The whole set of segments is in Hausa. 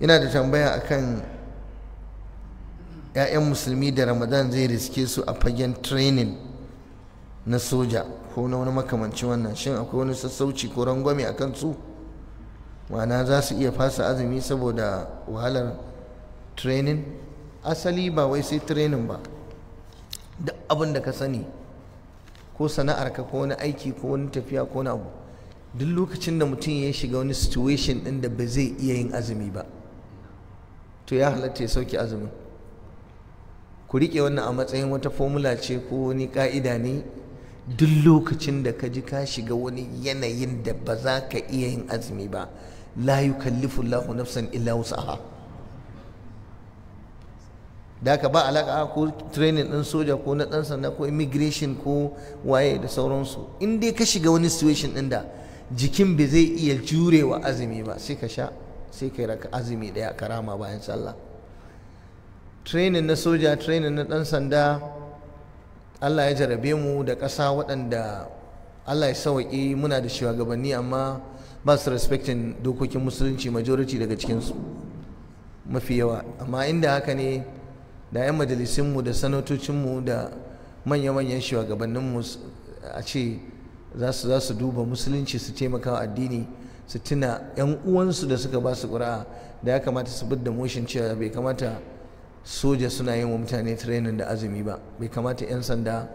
ina da tambaya akan ‘ya'yan musulmi da ramadan zai riske su a fagen training na soja ko na wani makamanci wannan shin akwai wani sassauci ko rangwame a kan su ma'ana za su iya fasa azumi saboda wahalar training asali ba wai sai training ba duk abin da ka sani ko sana'arka ko wani aiki ko wani tafiya ko wani abu duk lokacin da mutum ya shiga wani situation ɗin da ba zai iya yin azumi ba to ya halatta ya sauke azumin ku riƙe wannan a matsayin wata fomula ce ko wani ka'ida ne duk lokacin da ka ji ka shiga wani yanayin da ba za ka iya yin azumi ba la kallifu Allahu nafsan illa wus'aha da ka ba alaka ko training ɗin soja ko na ɗan sanda ko immigration ko waye da sauransu in dai ka shiga wani situation ɗin da jikin bai zai iya jurewa azumi ba sai ka sha sai ka yi azumi ɗaya karama bayan sallah trenin na soja trenin na ɗan sanda Allah ya jarabe mu da ƙasa waɗanda Allah ya sawaƙi muna da shugabanni amma ba su respectin dokokin musulunci majority daga cikinsu mafi yawa amma inda haka ne da 'yan majalisunmu da sanatocinmu da manya-manyan shugabanninmu a ce za su duba musulunci su taimaka addini su tuna yan uwansu da suka ba su ƙura'a da ya kamata su bi da moshin cewa bai kamata soja suna yin wa mutane training da azumi ba bai kamata 'yan sanda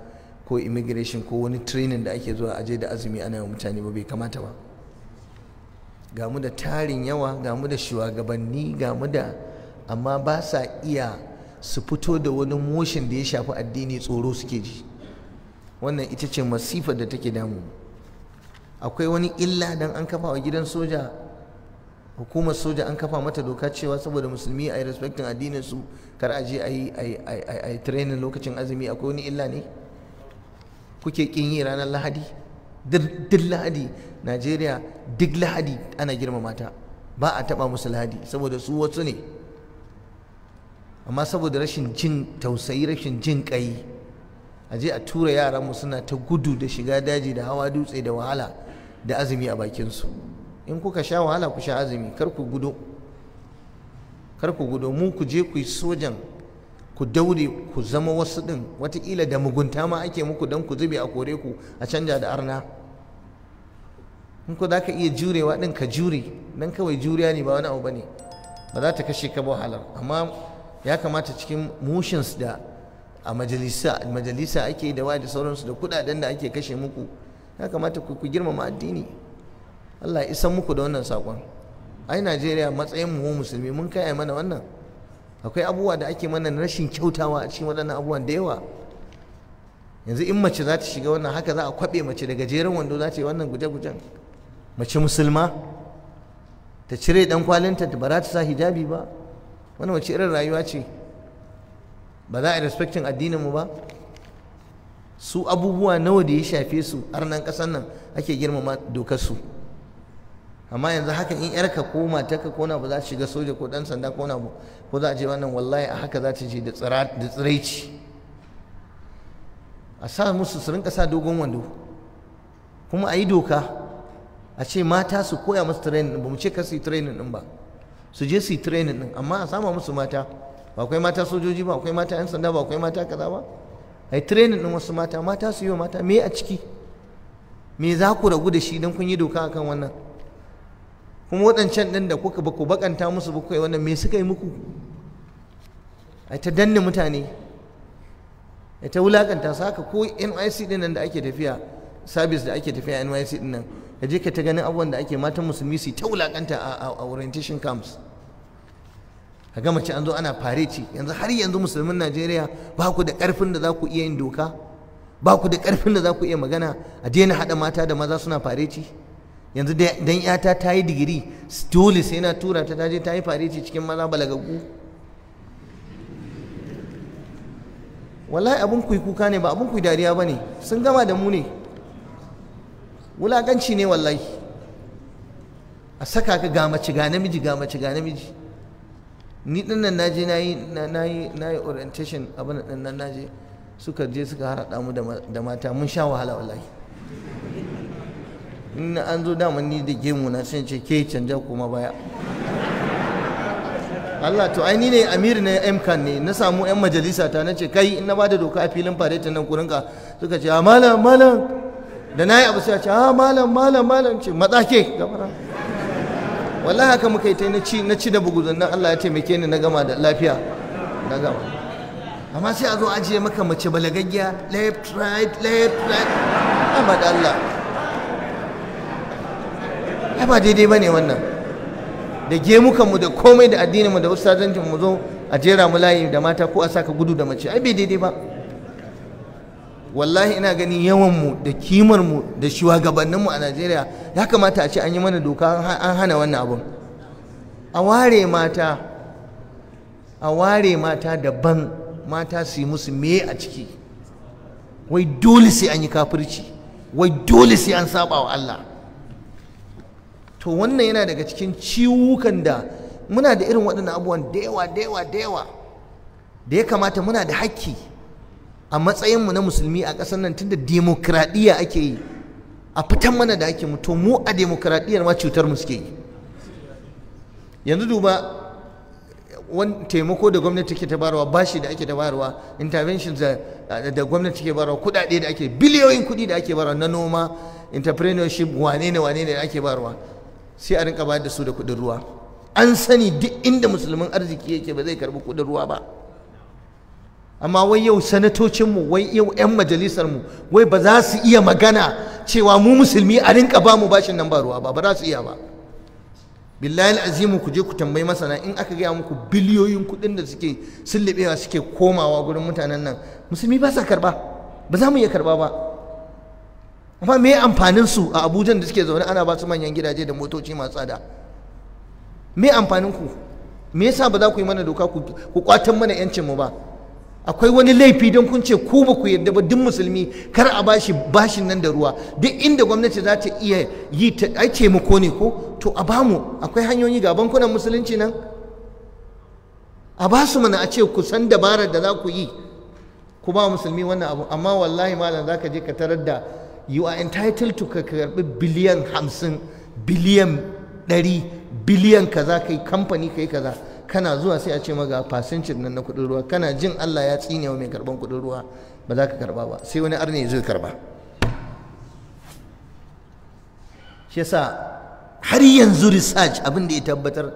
ko immigration ko wani training da ake zuwa aje da azumi ana yi wa mutane ba bai kamata ba ga da tarin yawa ga mu da shugabanni ga da amma ba sa iya su fito da wani moshin da ya shafi addini tsoro suke ji wannan ita ce masifar da take damu akwai wani illa dan an kafa wa gidan soja hukumar soja an kafa mata doka cewa saboda musulmi a yi respectin addinin su kar a je a yi a training lokacin azumi akwai wani illa ne kuke kin yi ranar lahadi duk lahadi najeriya duk lahadi ana girmama ta ba a taba musu lahadi saboda su wasu ne amma saboda rashin jin tausayi rashin jin kai aje a tura yaran mu suna ta gudu da shiga daji da hawa dutse da wahala da azumi a bakin su in kuka sha wahala ku sha azumi kar ku gudo kar ku gudo mu ku je ku yi sojan ku daure ku zama wasu ɗin watakila da mugunta ma ake muku don ku zube a kore ku a canja da arna in ku za ka iya jurewa ɗin ka jure don kawai juriya ne ba wani abu ba ne ba za ta kashe ka ba wahalar amma ya kamata cikin motions da a majalisa ake da wa da sauransu da kudaden da ake kashe muku ya kamata ku girmama addini Allah ya isan muku da wannan sakon ai Najeriya matsayin mu musulmi mun kai mana wannan akwai abubuwa da ake mana rashin kyautawa a cikin waɗannan abubuwan da yawa yanzu in mace za ta shiga wannan haka za a kwaɓe mace da gajeren wando za ta yi wannan guje-gujen mace musulma ta cire ɗan kwalinta ba za ta sa hijabi ba wannan wace irin rayuwa ce ba za a yi respectin mu ba su abubuwa nawa da ya shafe su nan ƙasar nan ake girmama dokar su amma yanzu haka in ka koma ta ka kona ba za ta shiga soja ko dan sanda kona ba ko za a ce wannan wallahi a haka za ta je da tsiraici a sa musu su rinka sa dogon wando kuma a yi doka a ce mata su koya musu training ba mu ce ka su yi training din ba su je su yi training din amma a sama musu mata ba akwai mata sojoji ba akwai mata 'yan sanda ba akwai mata kaza ba a yi training ɗin wasu mata mata su yi wa mata me a ciki me za ku ragu da shi don kun yi doka akan wannan kuma waɗancan ɗin da kuka ba ku bakanta musu ba ku wannan me suka yi muku a ta danne mutane a ta wulakanta su haka ko nyc ɗin nan da ake tafiya sabis da ake tafiya nyc ɗin nan ka je ka ta ganin abubuwan da ake matan musulmi su ta wulakanta a orientation camps ka ga mace an zo ana fareci yanzu har yanzu musulmin najeriya ba ku da karfin da za ku iya yin doka ba ku da karfin da za ku iya magana a daina haɗa mata da maza suna fareci yanzu dan yata ta yi digiri dole sai na tura ta taje ta yi fareci cikin maza balagaggu wallahi abin kuyi kuka ne ba abin kuyi dariya ba ne sun gama da mu ne wulaganci ne wallahi a saka ka ga mace ga namiji ga mace ga namiji ni din nan naje nayi nayi nayi orientation abin nan nan naje suka je suka harada mu da mata mun sha wahala wallahi in an zo dama ni da gemu na sun ce ke canja kuma baya Allah to ai ni ne amir na amkan ne na samu yan majalisa ta na ce kai in na bada doka a filin faretin nan kurinka suka ce a ah, malam malam da nayi abu sai ce a ah, malam malam malam ce matsake gabara wallahi haka muka yi ta na ci na ci da bugu, nan Allah ya taimake ni na gama da lafiya na gama amma sai a zo ajiye maka mace balagaggiya left right left right amma da Allah ai ba daidai bane wannan da gemukan mu da komai da addinin mu da ustazancin mu zo a jera mu layi da mata ko a saka gudu da mace ai bai daidai ba wallahi ina gani yawan mu da kimar mu da shugabanninmu a Najeriya ya kamata a ce an yi mana doka an hana wannan abun a ware mata a ware mata daban mata su yi musu me a ciki wai dole sai an yi kafirci wai dole sai an saba wa Allah to wannan yana daga cikin ciwukan da muna da irin waɗannan abubuwan da yawa da yawa da yawa da ya kamata muna da hakki a matsayinmu na musulmi a ƙasar nan tunda demokradiyya ake yi a fitan mana da ake mutu mu a demokradiyyar ma cutar mu suke yi yanzu duba wani taimako da gwamnati ke tabarwa bashi da ake tabarwa interventions da gwamnati ke barwa kudade da ake biliyoyin kudi da ake barwa na noma entrepreneurship wane ne wane ne da ake barwa sai a rinka bayar da su da kudin ruwa an sani duk inda musulmin arziki yake ba zai karbi kudin ruwa ba amma wai yau sanatocinmu wai yau 'yan majalisarmu wai ba za su iya magana cewa mu musulmi a rinka ba mu bashin nan ba ruwa ba ba za su iya ba billahi azimu ku je ku tambayi masana in aka gaya muku biliyoyin kuɗin da suke sullubewa suke komawa gurin mutanen nan musulmi ba sa karba ba za mu iya karba ba amma me amfanin su a abujan da suke zaune ana ba su manyan gidaje da motoci masu tsada me amfanin ku me yasa ba za ku yi mana doka ku kwatan mana yancin mu ba akwai wani laifi don kun ce ku ba ku yadda ba duk musulmi kar a bashi bashin nan da ruwa duk inda gwamnati za ta iya yi ta ai ko ne ko to a bamu akwai hanyoyi ga bankunan musulunci nan a ba su mana a ce ku san dabarar da za ku yi ku ba musulmi wannan abu amma wallahi malam za ka je ka tarar da you are entitled to ka karbi biliyan hamsin biliyan ɗari biliyan kaza kai kamfani kai kaza kana zuwa sai a ce maga fasincin nan na kuɗin ruwa kana jin Allah ya tsine wa mai karban kuɗin ruwa ba za ka karba ba sai wani arni zai karba shi yasa har yanzu research abin da ya tabbatar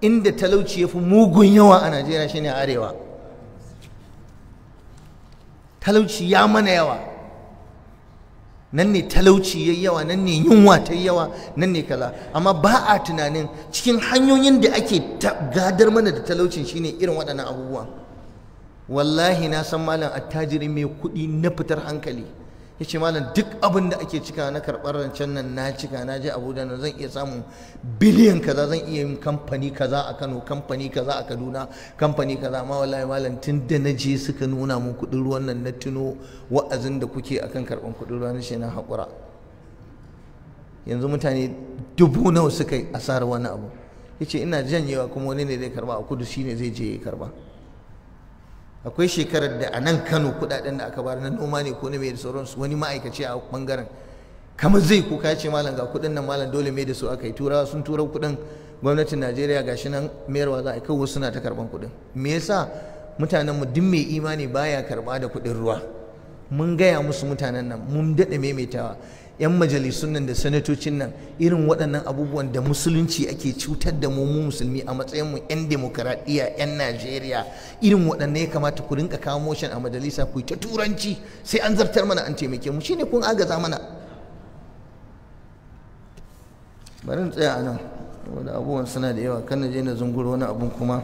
inda talauci ya fi mugun yawa a Najeriya shine arewa talauci ya mana yawa nan ne talauci ya yawa nan ne yunwa ta yawa nan ne kaza amma ba a tunanin cikin hanyoyin da ake gadar mana da talaucin shine irin waɗannan abubuwa wallahi na san malam attajiri mai kuɗi na fitar hankali ya ce malam duk abin da ake cika na karɓar rancen nan na cika na je abuja nan zan iya samun biliyan kaza zan iya yin kamfani kaza a kano kamfani kaza a kaduna kamfani kaza amma wallahi malam tun da na je suka nuna mun kuɗin ruwan nan na tuno wa'azin da kuke akan karɓar kuɗin ruwan shi na haƙura yanzu mutane dubu nawa suka yi asarar wani abu ya ce ina janyewa kuma wani ne zai karba a kudu shine zai je ya karba akwai shekarar da a nan kano kudaden da aka bari na noma ne ko na mai da sauransu wani ma'aikaci a bangaren kamar zai kuka ce malam ga kudin nan malam dole mai da su aka yi turawa sun tura kudin gwamnatin najeriya gashi nan mayarwa za a kawo suna ta karban kudin me yasa mutanen mu duk mai imani baya karba da kudin ruwa mun gaya musu mutanen nan mun daɗe maimaitawa 'yan majalisun nan da sanatocin nan irin waɗannan abubuwan da musulunci ake cutar da mu musulmi a matsayin mu 'yan demokaradiyya 'yan najeriya irin waɗannan ya kamata ku rinka kawo motion a majalisa ku ta turanci sai an zartar mana an taimake mu shine kun agaza mana bari in tsaya anan wani abubuwan suna da yawa kan na je na zunguro wani abun kuma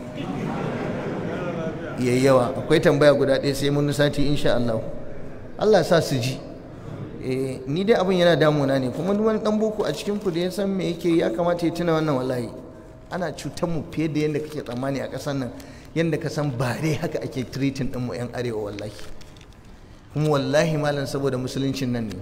yayyawa akwai tambaya guda ɗaya sai mun sati insha Allah Allah sa su ji Eh, ni dai abin yana damuna ne kuma wani dan boko a cikin ku da ya san me yake ya kamata ya tuna wannan wallahi ana cutar mu fiye da yadda kake tsammani a ƙasar nan yadda ka san ba dai haka ake treating din mu yan arewa wallahi kuma wallahi malam saboda musuluncin nan ne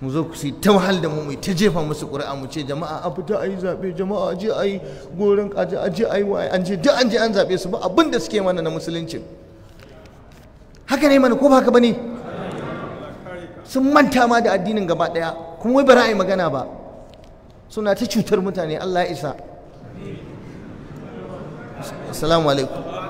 mu zo ku si ta wahal da mu mai ta jefa musu ƙuri'a mu ce jama'a a fita a yi zaɓe jama'a a je a yi goron a je a yi waye an je duk an je an zaɓe su ba abin da suke mana na musuluncin haka ne mana ko ba haka ba ne sun manta ma da addinin gaba ɗaya kuma wai ba a yi magana ba suna ta cutar mutane Allah ya isa assalamu alaikum